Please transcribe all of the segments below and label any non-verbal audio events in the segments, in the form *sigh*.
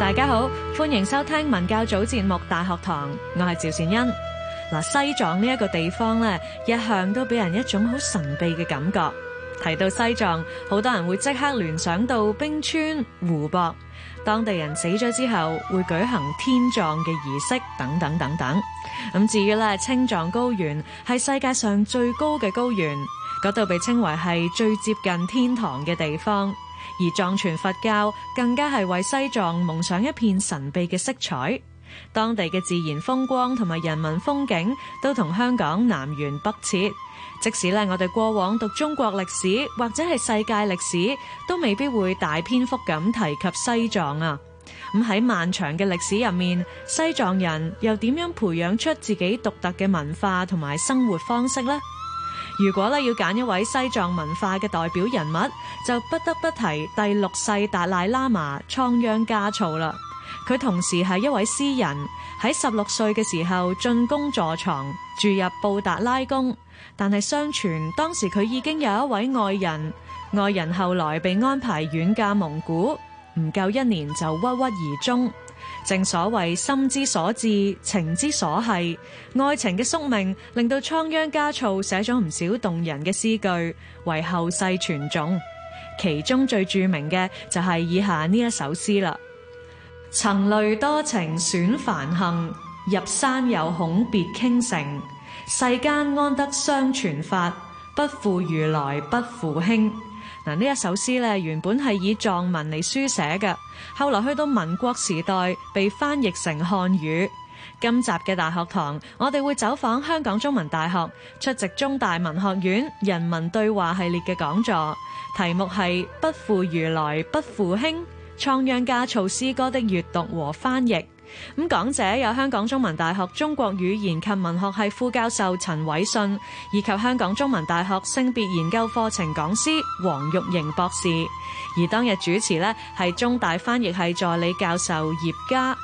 大家好，歡迎收聽文教組節目《大學堂》，我係趙善恩。嗱，西藏呢一個地方咧，一向都俾人一種好神秘嘅感覺。提到西藏，好多人會即刻聯想到冰川、湖泊，當地人死咗之後會舉行天葬嘅儀式，等等等等。咁至於咧，青藏高原係世界上最高嘅高原，嗰度被稱為係最接近天堂嘅地方。而藏傳佛教更加係為西藏蒙上一片神秘嘅色彩，當地嘅自然風光同埋人文風景都同香港南轅北轍。即使咧，我哋過往讀中國歷史或者係世界歷史，都未必會大篇幅咁提及西藏啊。咁喺漫長嘅歷史入面，西藏人又點樣培養出自己獨特嘅文化同埋生活方式咧？如果咧，要揀一位西藏文化嘅代表人物，就不得不提第六世達賴喇嘛倉央嘉措啦。佢同時係一位詩人，喺十六歲嘅時候進宮坐床，住入布達拉宮，但係相傳當時佢已經有一位愛人，愛人後來被安排遠嫁蒙古，唔夠一年就鬱郁而終。正所謂心之所至，情之所繫，愛情嘅宿命令到倉央嘉措寫咗唔少動人嘅詩句，為後世傳頌。其中最著名嘅就係以下呢一首詩啦：曾慮多情損梵行，入山又恐別傾城。世間安得雙全法，不負如來不負卿。嗱，呢一首詩咧原本係以藏文嚟書寫嘅，後嚟去到民國時代被翻譯成漢語。今集嘅大學堂，我哋會走訪香港中文大學，出席中大文學院人文對話系列嘅講座，題目係《不負如來不負卿：倉央嘉措詩歌的閱讀和翻譯》。咁講者有香港中文大學中國語言及文學系副教授陳煒舜，以及香港中文大學性別研究課程講師黃鈺瑩博士。而當日主持呢，係中大翻譯系助理教授葉嘉。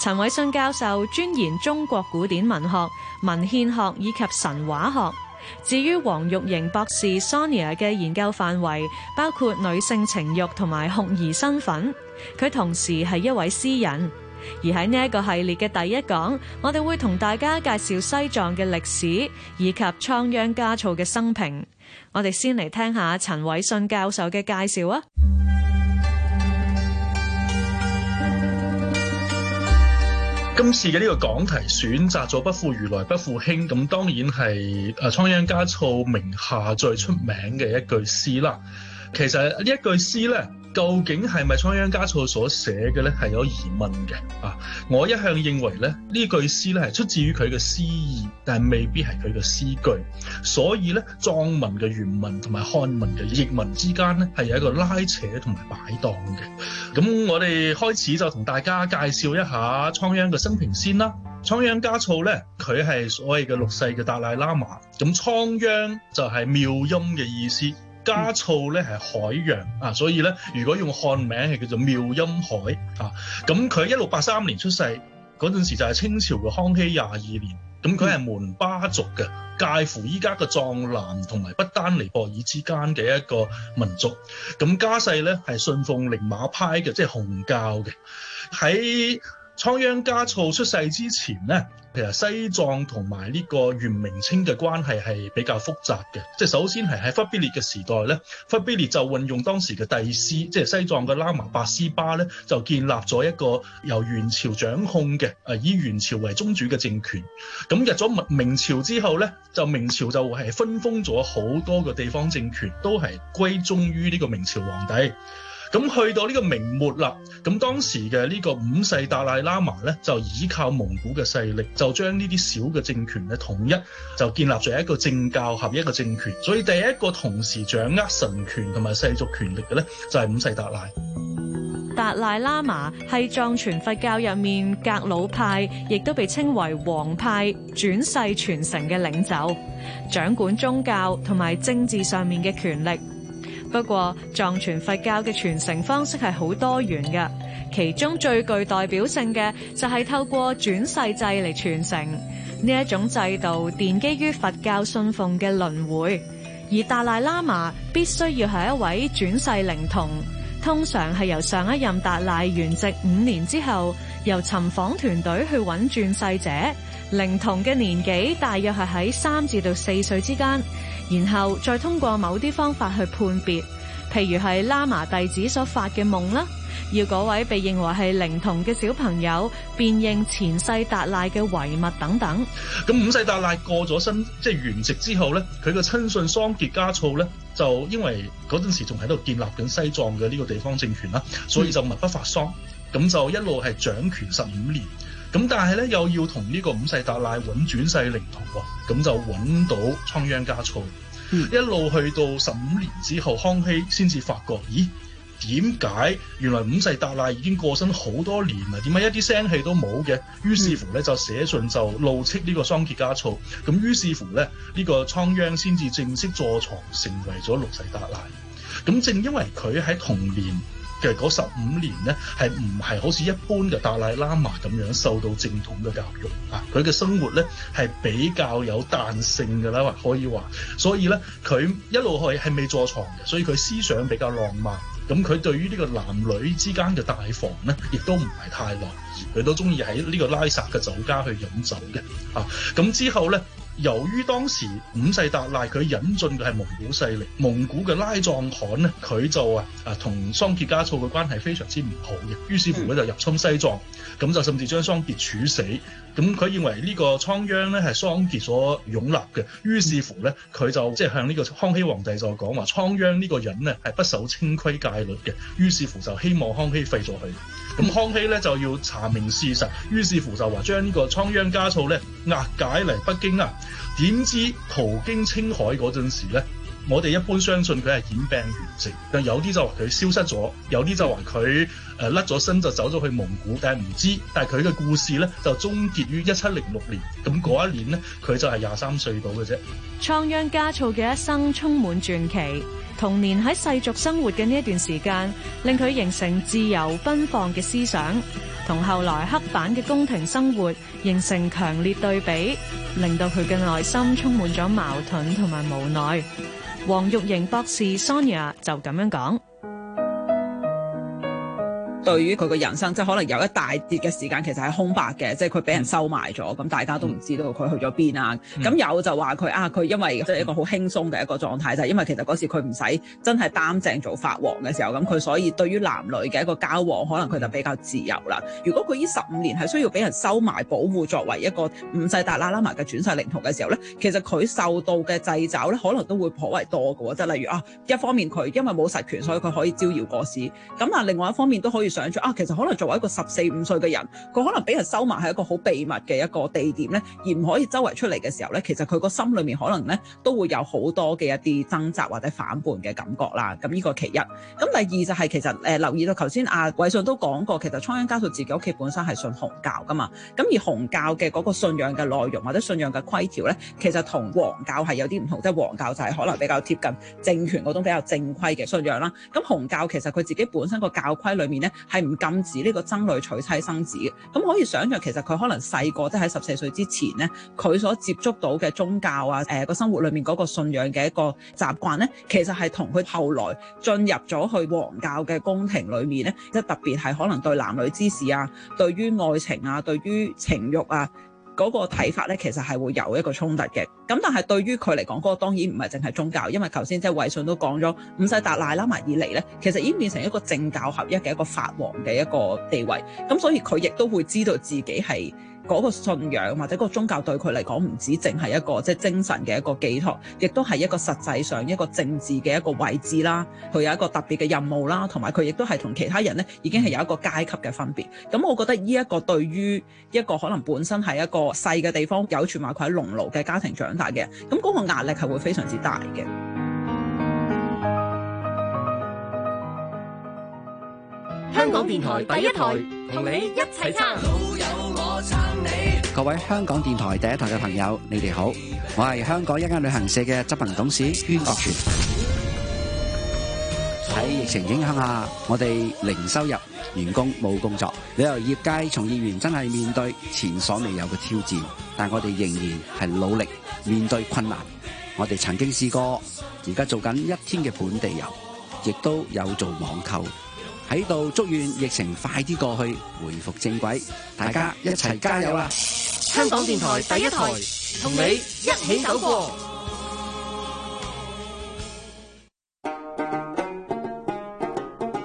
陳煒舜教授專研中國古典文學、文獻學以及神話學。至於黃鈺瑩博士 Sonia 嘅研究範圍包括女性情慾同埋酷兒身份。佢同時係一位詩人。而喺呢一個系列嘅第一講，我哋會同大家介紹西藏嘅歷史以及倉央嘉措嘅生平。我哋先嚟聽下陳煒舜教授嘅介紹啊！今次嘅呢個講題選擇咗不負如來不負卿，咁當然係誒倉央嘉措名下最出名嘅一句詩啦。其實呢一句詩呢。究竟係咪倉央嘉措所寫嘅呢？係有疑問嘅。啊，我一向認為咧，呢句詩咧係出自於佢嘅詩意，但未必係佢嘅詩句。所以咧，藏文嘅原文同埋漢文嘅譯文之間咧係有一個拉扯同埋擺盪嘅。咁我哋開始就同大家介紹一下倉央嘅生平先啦。倉央嘉措呢，佢係所謂嘅六世嘅達賴喇嘛。咁倉央就係妙音嘅意思。嘉措咧係海洋啊，所以咧，如果用漢名係叫做妙音海啊。咁佢一六八三年出世嗰陣時就係清朝嘅康熙廿二年。咁佢係門巴族嘅，介乎依家嘅藏南同埋不丹、尼泊爾之間嘅一個民族。咁家世咧係信奉寧瑪派嘅，即係紅教嘅。喺倉央嘉措出世之前咧，其實西藏同埋呢個元明清嘅關係係比較複雜嘅。即係首先係喺忽必烈嘅時代咧，忽必烈就運用當時嘅帝師，即係西藏嘅喇嘛八思巴咧，就建立咗一個由元朝掌控嘅，誒以元朝為宗主嘅政權。咁入咗明朝之後咧，就明朝就係分封咗好多個地方政權，都係歸宗於呢個明朝皇帝。咁去到呢個明末啦，咁當時嘅呢個五世達賴喇嘛呢，就依靠蒙古嘅勢力，就將呢啲小嘅政權咧，統一，就建立咗一個政教合一嘅政權。所以第一個同時掌握神權同埋世俗權力嘅呢，就係五世達賴。達賴喇嘛係藏傳佛教入面格魯派，亦都被稱為皇派轉世傳承嘅領袖，掌管宗教同埋政治上面嘅權力。不過，藏傳佛教嘅傳承方式係好多元嘅，其中最具代表性嘅就係透過轉世制嚟傳承呢一種制度，奠基於佛教信奉嘅輪迴。而達賴喇嘛必須要係一位轉世靈童，通常係由上一任達賴圓寂五年之後，由尋訪團隊去揾轉世者。靈童嘅年紀大約係喺三至到四歲之間。然後再通過某啲方法去判別，譬如係喇嘛弟子所發嘅夢啦，要嗰位被認為係靈童嘅小朋友辨認前世達賴嘅遺物等等。咁五世達賴過咗身，即係圓寂之後咧，佢嘅親信桑杰嘉措咧，就因為嗰陣時仲喺度建立緊西藏嘅呢個地方政權啦，所以就密不發喪，咁、嗯、就一路係掌權十五年。咁但係咧，又要同呢個五世達賴揾轉世靈童啊，咁就揾到倉央嘉措。嗯、一路去到十五年之後，康熙先至發覺，咦，點解原來五世達賴已經過身好多年啦？點解一啲聲氣都冇嘅？於是乎咧，嗯、就寫信就怒斥呢個桑傑嘉措。咁於是乎咧，呢、這個倉央先至正式坐牀，成為咗六世達賴。咁正因為佢喺童年。其實嗰十五年咧，係唔係好似一般嘅達賴喇嘛咁樣受到正統嘅教育啊？佢嘅生活咧係比較有彈性㗎啦，可以話。所以咧，佢一路去係未坐床嘅，所以佢思想比較浪漫。咁佢對於呢個男女之間嘅大防咧，亦都唔係太耐。佢都中意喺呢個拉薩嘅酒家去飲酒嘅。啊，咁之後咧。由於當時五世達賴佢引進嘅係蒙古勢力，蒙古嘅拉藏汗咧，佢就啊啊同桑傑嘉措嘅關係非常之唔好嘅，於是乎佢就入侵西藏，咁就甚至將桑傑處死，咁佢認為呢個倉央咧係桑傑所擁立嘅，於是乎呢，佢就即係向呢個康熙皇帝就講話倉央呢個人咧係不守清規戒律嘅，於是乎就希望康熙廢咗佢。咁康熙咧就要查明事實，於是乎就話將個呢個倉央嘉措咧押解嚟北京啊，點知途經青海嗰陣時咧，我哋一般相信佢係染病完成。但有啲就話佢消失咗，有啲就話佢誒甩咗身就走咗去蒙古，但係唔知，但係佢嘅故事咧就終結於一七零六年，咁嗰一年咧佢就係廿三歲到嘅啫。倉央嘉措嘅一生充滿傳奇。童年喺世俗生活嘅呢一段時間，令佢形成自由奔放嘅思想，同後來刻板嘅宮廷生活形成強烈對比，令到佢嘅內心充滿咗矛盾同埋無奈。黃鈺螢博士 Sonya 就咁樣講。對於佢嘅人生，即係可能有一大段嘅時間其實係空白嘅，即係佢俾人收埋咗，咁、嗯、大家都唔知道佢去咗邊、嗯、啊。咁有就話佢啊，佢因為即係一個好輕鬆嘅一個狀態，就係、是、因為其實嗰時佢唔使真係擔正做法王嘅時候，咁佢所以對於男女嘅一個交往，可能佢就比較自由啦。如果佢呢十五年係需要俾人收埋保護，作為一個五世達賴喇嘛嘅轉世靈童嘅時候咧，其實佢受到嘅掣肘咧，可能都會頗為多嘅。即係例如啊，一方面佢因為冇實權，所以佢可以招搖過市；咁啊，另外一方面都可以。想像啊！其實可能作為一個十四五歲嘅人，佢可能俾人收埋喺一個好秘密嘅一個地點咧，而唔可以周圍出嚟嘅時候咧，其實，佢個心裏面可能咧都會有好多嘅一啲掙扎或者反叛嘅感覺啦。咁、這、呢個其一。咁第二就係、是、其實誒、呃、留意到頭先阿偉信都講過，其實倉央嘉措自己屋企本身係信紅教噶嘛。咁而紅教嘅嗰個信仰嘅內容或者信仰嘅規條咧，其實同黃教係有啲唔同，即係黃教就係可能比較貼近政權嗰種比較正規嘅信仰啦。咁紅教其實佢自己本身個教規裏面咧。係唔禁止呢個僧侶娶妻生子嘅，咁可以想象其實佢可能細個即係喺十四歲之前咧，佢所接觸到嘅宗教啊、誒、呃、個生活裏面嗰個信仰嘅一個習慣咧，其實係同佢後來進入咗去黃教嘅宮廷裏面咧，即係特別係可能對男女之事啊、對於愛情啊、對於情欲啊。嗰個睇法咧，其實係會有一個衝突嘅。咁但係對於佢嚟講，嗰、那個當然唔係淨係宗教，因為頭先即係偉信都講咗，五世達賴喇嘛以嚟咧，其實已經變成一個政教合一嘅一個法王嘅一個地位。咁所以佢亦都會知道自己係。嗰個信仰或者個宗教對佢嚟講唔止淨係一個即係、就是、精神嘅一個寄託，亦都係一個實際上一個政治嘅一個位置啦。佢有一個特別嘅任務啦，同埋佢亦都係同其他人咧已經係有一個階級嘅分別。咁我覺得呢一個對於一個可能本身係一個細嘅地方，有傳話佢喺農奴嘅家庭長大嘅，咁嗰個壓力係會非常之大嘅。香港電台第一台。同你一齊撐，老友我撐你。各位香港電台第一台嘅朋友，你哋好，我係香港一間旅行社嘅執行董事袁國權。喺疫情影響下，我哋零收入，員工冇工作，旅遊業界從業員真係面對前所未有嘅挑戰，但我哋仍然係努力面對困難。我哋曾經試過，而家做緊一天嘅本地遊，亦都有做網購。喺度祝願疫情快啲過去，回復正軌，大家一齊加油啦！香港電台第一台同你一起走過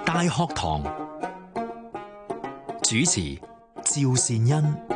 大學堂，主持趙善恩。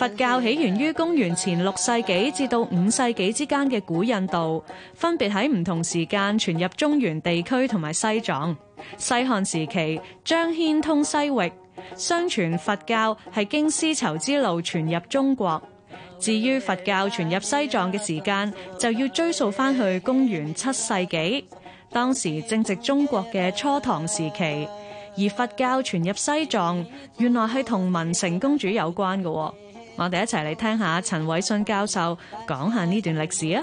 佛教起源於公元前六世紀至到五世紀之間嘅古印度，分別喺唔同時間傳入中原地區同埋西藏。西漢時期張騫通西域，相傳佛教係經絲綢之路傳入中國。至於佛教傳入西藏嘅時間，就要追溯翻去公元七世紀，當時正值中國嘅初唐時期。而佛教傳入西藏，原來係同文成公主有關嘅。我哋一齊嚟聽下陳煒舜教授講下呢段歷史啊！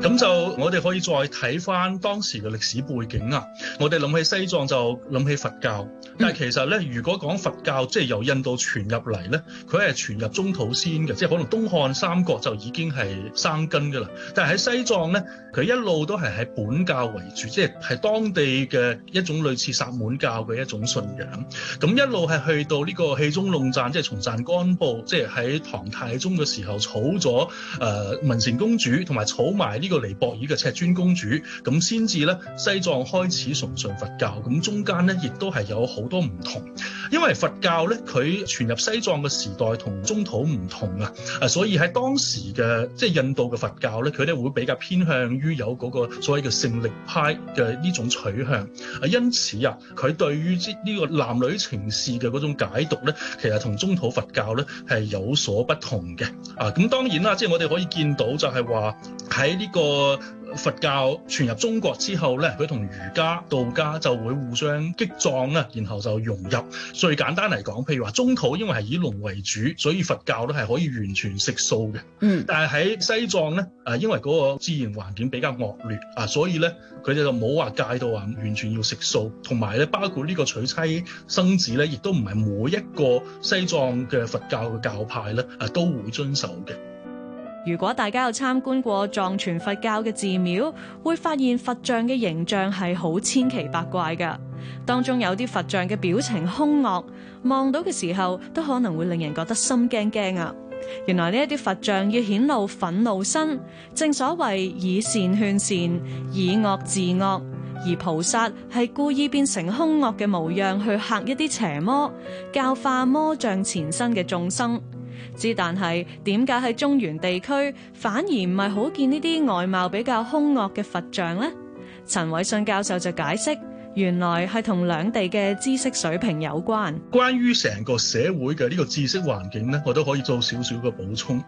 咁就我哋可以再睇翻當時嘅歷史背景啊！我哋諗起西藏就諗起佛教，但係其實咧，如果講佛教，即係由印度傳入嚟咧，佢係傳入中土先嘅，即係可能東漢、三國就已經係生根㗎啦。但係喺西藏咧，佢一路都係喺本教為主，即係係當地嘅一種類似薩滿教嘅一種信仰。咁一路係去到呢個棄宗弄贊，即係松贊干布，即係喺唐太宗嘅時候娶咗誒文成公主，同埋娶埋呢個。尼泊爾嘅赤尊公主，咁先至咧西藏開始崇信佛教，咁中間咧亦都係有好多唔同，因為佛教咧佢，傳入西藏嘅時代同中土唔同啊，啊所以喺當時嘅即係印度嘅佛教咧，佢咧會比較偏向於有嗰個所謂嘅性力派嘅呢種取向啊，因此啊，佢對於即呢個男女情事嘅嗰種解讀咧，其實同中土佛教咧係有所不同嘅啊，咁當然啦，即係我哋可以見到就係話喺呢。個佛教傳入中國之後咧，佢同儒家、道家就會互相激撞啦，然後就融入。最簡單嚟講，譬如話中土因為係以農為主，所以佛教都係可以完全食素嘅。嗯，但係喺西藏咧，誒因為嗰個自然環境比較惡劣啊，所以咧佢哋就冇話戒到話完全要食素，同埋咧包括呢個娶妻生子咧，亦都唔係每一個西藏嘅佛教嘅教派咧啊都會遵守嘅。如果大家有參觀過藏傳佛教嘅寺廟，會發現佛像嘅形象係好千奇百怪㗎，當中有啲佛像嘅表情凶惡，望到嘅時候都可能會令人覺得心驚驚啊！原來呢一啲佛像要顯露憤怒身，正所謂以善勸善，以惡治惡，而菩薩係故意變成凶惡嘅模樣去嚇一啲邪魔，教化魔障纏身嘅眾生。之，但係點解喺中原地區反而唔係好見呢啲外貌比較凶惡嘅佛像呢？陳煒舜教授就解釋，原來係同兩地嘅知識水平有關。關於成個社會嘅呢個知識環境咧，我都可以做少少嘅補充。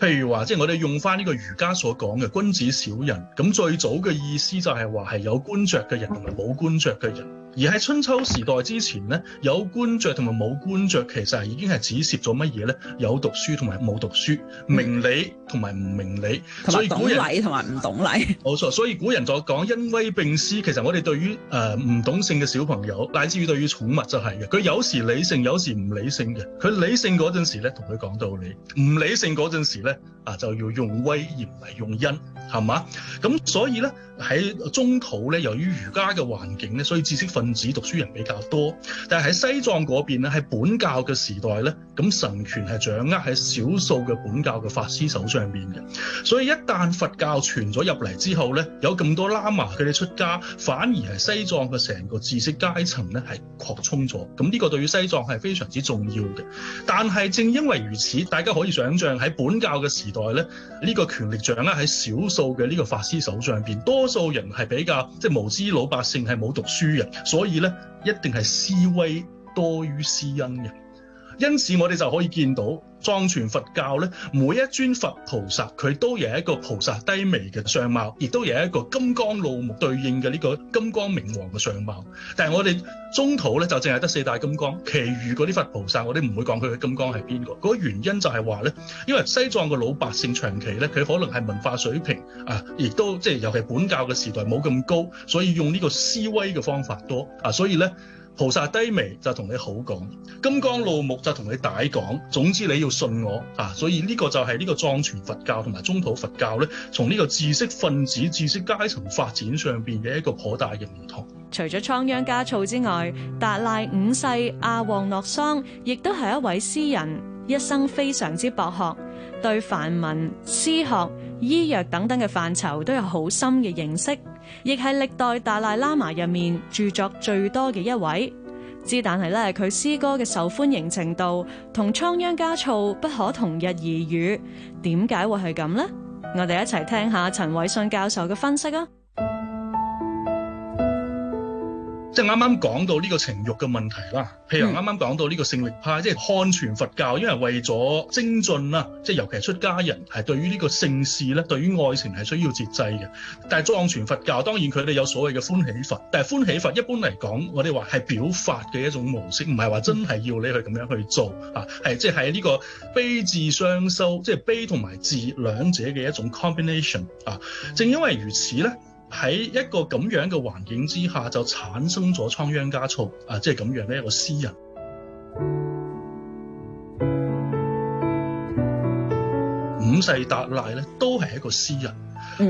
譬如話，即係我哋用翻呢個儒家所講嘅君子小人，咁最早嘅意思就係話係有官爵嘅人同埋冇官爵嘅人。而喺春秋時代之前咧，有官爵同埋冇官爵其實係已經係指涉咗乜嘢咧？有讀書同埋冇讀書，明理同埋唔明理，嗯、所以古人懂禮同埋唔懂禮，冇錯。所以古人就講恩威並施，其實我哋對於誒唔、呃、懂性嘅小朋友，乃至於對於寵物就係嘅，佢有時理性，有時唔理性嘅。佢理性嗰陣時咧，同佢講道理；唔理性嗰陣時咧，啊就要用威而唔係用恩，係嘛？咁所以咧喺中土咧，由於儒家嘅環境咧，所以知識漢子讀書人比較多，但係喺西藏嗰邊咧，喺本教嘅時代咧，咁神權係掌握喺少數嘅本教嘅法師手上邊嘅。所以一旦佛教傳咗入嚟之後咧，有咁多喇嘛佢哋出家，反而係西藏嘅成個知識階層咧係擴充咗。咁呢個對於西藏係非常之重要嘅。但係正因為如此，大家可以想象喺本教嘅時代咧，呢、呢個權力掌握喺少數嘅呢個法師手上邊，多數人係比較即係、就是、無知老百姓係冇讀書人。所以咧，一定係施威多於施恩嘅。因此，我哋就可以見到藏傳佛教咧，每一尊佛菩薩佢都有一個菩薩低眉嘅相貌，亦都有一個金剛怒目對應嘅呢個金剛明王嘅相貌。但係我哋中土咧就淨係得四大金剛，其餘嗰啲佛菩薩我哋唔會講佢嘅金剛係邊個。嗰個原因就係話咧，因為西藏嘅老百姓長期咧佢可能係文化水平啊，亦都即係尤其本教嘅時代冇咁高，所以用呢個思威嘅方法多啊，所以咧。菩薩低微就同你好講，金剛怒目就同你大講，總之你要信我啊！所以呢個就係呢個藏傳佛教同埋中土佛教咧，從呢個知識分子、知識階層發展上邊嘅一個頗大嘅唔同。除咗倉央嘉措之外，達賴五世阿旺諾桑亦都係一位詩人，一生非常之博學，對梵文、詩學醫藥等等嘅範疇都有好深嘅認識。亦係歷代達賴喇嘛入面著作最多嘅一位，之但係咧，佢詩歌嘅受歡迎程度同倉央嘉措不可同日而語，點解會係咁呢？我哋一齊聽下陳煒舜教授嘅分析啊！即係啱啱講到呢個情慾嘅問題啦，譬如啱啱講到呢個性力派，嗯、即係漢傳佛教，因為為咗精進啦，即係尤其係出家人係對於呢個性事咧，對於愛情係需要節制嘅。但係藏傳佛教當然佢哋有所謂嘅歡喜佛，但係歡喜佛一般嚟講，我哋話係表法嘅一種模式，唔係話真係要你去咁樣去做啊，係即係呢個悲智雙修，即係悲同埋智兩者嘅一種 combination 啊。正因為如此咧。喺一個咁樣嘅環境之下，就產生咗倉央嘉措，啊！即係咁樣嘅一個詩人，嗯、五世達賴咧都係一個詩人，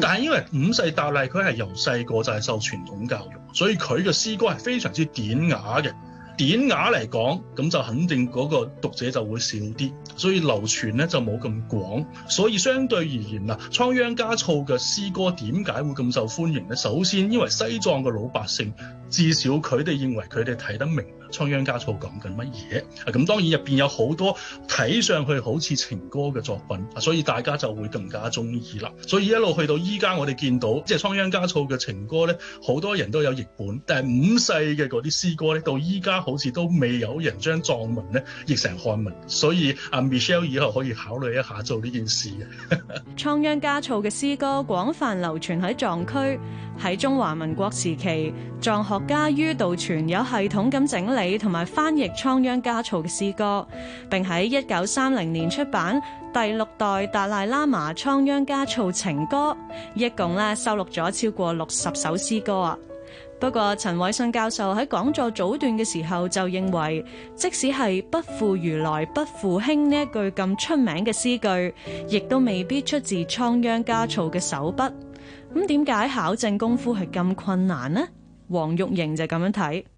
但係因為五世達賴佢係由細個就係受傳統教育，所以佢嘅詩歌係非常之典雅嘅。典雅嚟講，咁就肯定嗰個讀者就會少啲，所以流傳咧就冇咁廣，所以相對而言啊，倉央嘉措嘅詩歌點解會咁受歡迎呢？首先因為西藏嘅老百姓。至少佢哋認為佢哋睇得明《倉央嘉措》講緊乜嘢，咁、啊、當然入邊有好多睇上去好似情歌嘅作品，所以大家就會更加中意啦。所以一路去到依家，我哋見到即係《倉央嘉措》嘅情歌咧，好多人都有譯本，但係五世嘅嗰啲詩歌咧，到依家好似都未有人將藏文咧譯成漢文，所以阿、啊、Michelle 以後可以考慮一下做呢件事嘅。 *laughs* 家詩《倉央嘉措》嘅詩歌廣泛流傳喺藏區，喺中華民國時期，藏學家於道泉有系統咁整理同埋翻譯倉央嘉措嘅詩歌，並喺一九三零年出版《第六代達賴喇嘛倉央嘉措情歌》，一共咧收錄咗超過六十首詩歌啊。不過陳煒舜教授喺講座早段嘅時候就認為，即使係不負如來不負卿呢一句咁出名嘅詩句，亦都未必出自倉央嘉措嘅手筆，咁點解考證功夫係咁困難呢？黃鈺螢就咁樣睇。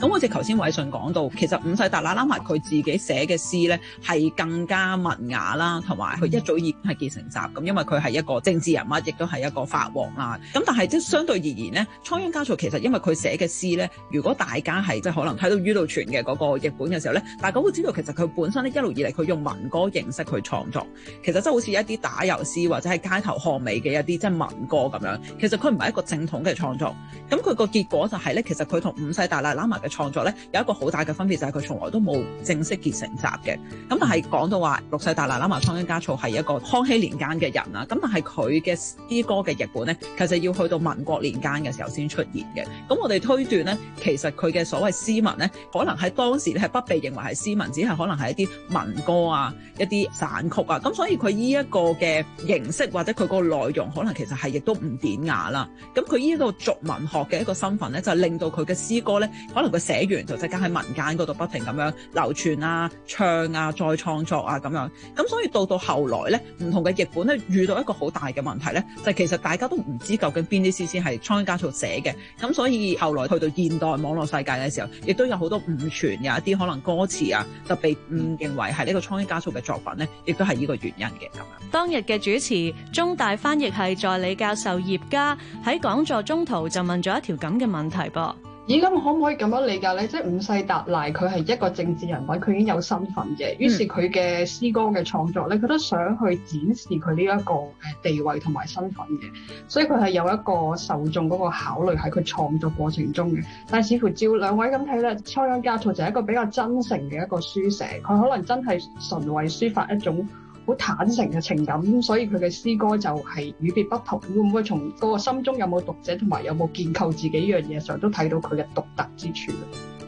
咁我哋頭先偉信講到，其實五世達賴喇嘛佢自己寫嘅詩咧，係更加文雅啦，同埋佢一早已經係結成集。咁因為佢係一個政治人物，亦都係一個法王啊。咁但係即係相對而言咧，倉央嘉措其實因為佢寫嘅詩咧，如果大家係即係可能睇到于道泉嘅嗰個譯本嘅時候咧，大家會知道其實佢本身咧一路以嚟佢用民歌形式去創作，其實即係好似一啲打油詩或者係街頭巷尾嘅一啲即係民歌咁樣。其實佢唔係一個正統嘅創作。咁佢個結果就係、是、咧，其實佢同五世達賴喇嘛。嘅創作咧，有一個好大嘅分別就係、是、佢從來都冇正式結成集嘅。咁但係講到話六世達賴喇嘛，倉央嘉措係一個康熙年間嘅人啊。咁但係佢嘅詩歌嘅譯本咧，其實要去到民國年間嘅時候先出現嘅。咁我哋推斷咧，其實佢嘅所謂詩文咧，可能喺當時係不被認為係詩文，只係可能係一啲民歌啊、一啲散曲啊。咁所以佢呢一個嘅形式或者佢個內容，可能其實係亦都唔典雅啦。咁佢呢個俗文學嘅一個身份咧，就令到佢嘅詩歌咧，可能個寫完就即刻喺民間嗰度不停咁樣流傳啊、唱啊、再創作啊咁樣，咁所以到到後來咧，唔同嘅譯本咧遇到一個好大嘅問題咧，就係、其實大家都唔知究竟邊啲詩先係倉央嘉措寫嘅，咁所以後來去到現代網絡世界嘅時候，亦都有好多誤傳、啊，有一啲可能歌詞啊，就被誤認為係呢個倉央嘉措嘅作品咧，亦都係呢個原因嘅咁樣。當日嘅主持中大翻譯系助理教授葉嘉喺講座中途就問咗一條咁嘅問題噃。咦，咁、欸、可唔可以咁樣理解咧？即係五世達賴佢係一個政治人物，佢已經有身份嘅。於是佢嘅詩歌嘅創作咧，佢都想去展示佢呢一個誒地位同埋身份嘅。所以佢係有一個受眾嗰個考慮喺佢創作過程中嘅。但係似乎照兩位咁睇咧，倉央嘉措就係一個比較真誠嘅一個書寫，佢可能真係純為抒發一種。好坦誠嘅情感，所以佢嘅詩歌就係與別不同。會唔會從個心中有冇讀者同埋有冇建構自己呢樣嘢上，都睇到佢嘅獨特之處？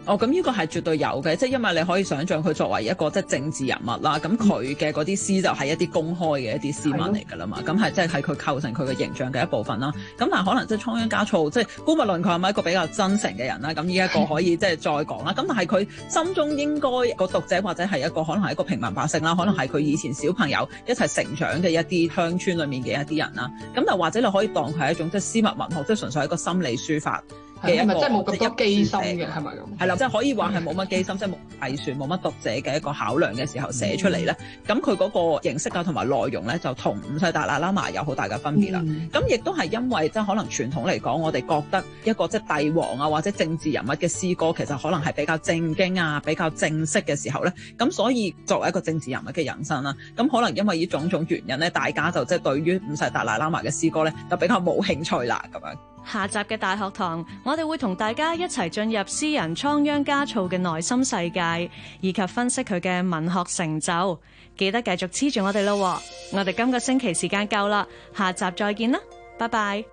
哦，咁呢個係絕對有嘅，即係因為你可以想像佢作為一個即係政治人物啦，咁佢嘅嗰啲詩就係一啲公開嘅一啲詩文嚟㗎啦嘛，咁係的即係係佢構成佢嘅形象嘅一部分啦。咁但係可能即係倉央嘉措，即係姑勿論佢係咪一個比較真誠嘅人啦？咁呢一個可以即係再講啦。咁但係佢心中應該個讀者或者係一個可能係一個平民百姓啦，可能係佢以前小朋友一齊成長嘅一啲鄉村裡面嘅一啲人啦。咁但或者你可以當佢係一種即係私密文學，即係純粹係一個心理抒發。唔係即係冇咁多機心嘅係咪咁？係啦，即係、就是、可以話係冇乜機心，嗯、即係未算冇乜讀者嘅一個考量嘅時候寫出嚟咧。咁佢嗰個形式啊，同埋內容咧，就同五世達賴喇嘛有好大嘅分別啦。咁亦都係因為即係、就是、可能傳統嚟講，我哋覺得一個即係、就是、帝王啊，或者政治人物嘅詩歌，其實可能係比較正經啊，比較正式嘅時候咧。咁所以作為一個政治人物嘅人生啦，咁可能因為呢種種原因咧，大家就即係、就是、對於五世達賴喇嘛嘅詩歌咧，就比較冇興趣啦，咁樣。下集嘅大學堂，我哋會同大家一齊進入詩人倉央嘉措嘅內心世界，以及分析佢嘅文學成就。記得繼續黐住我哋咯，我哋今個星期時間夠啦，下集再見啦，拜拜。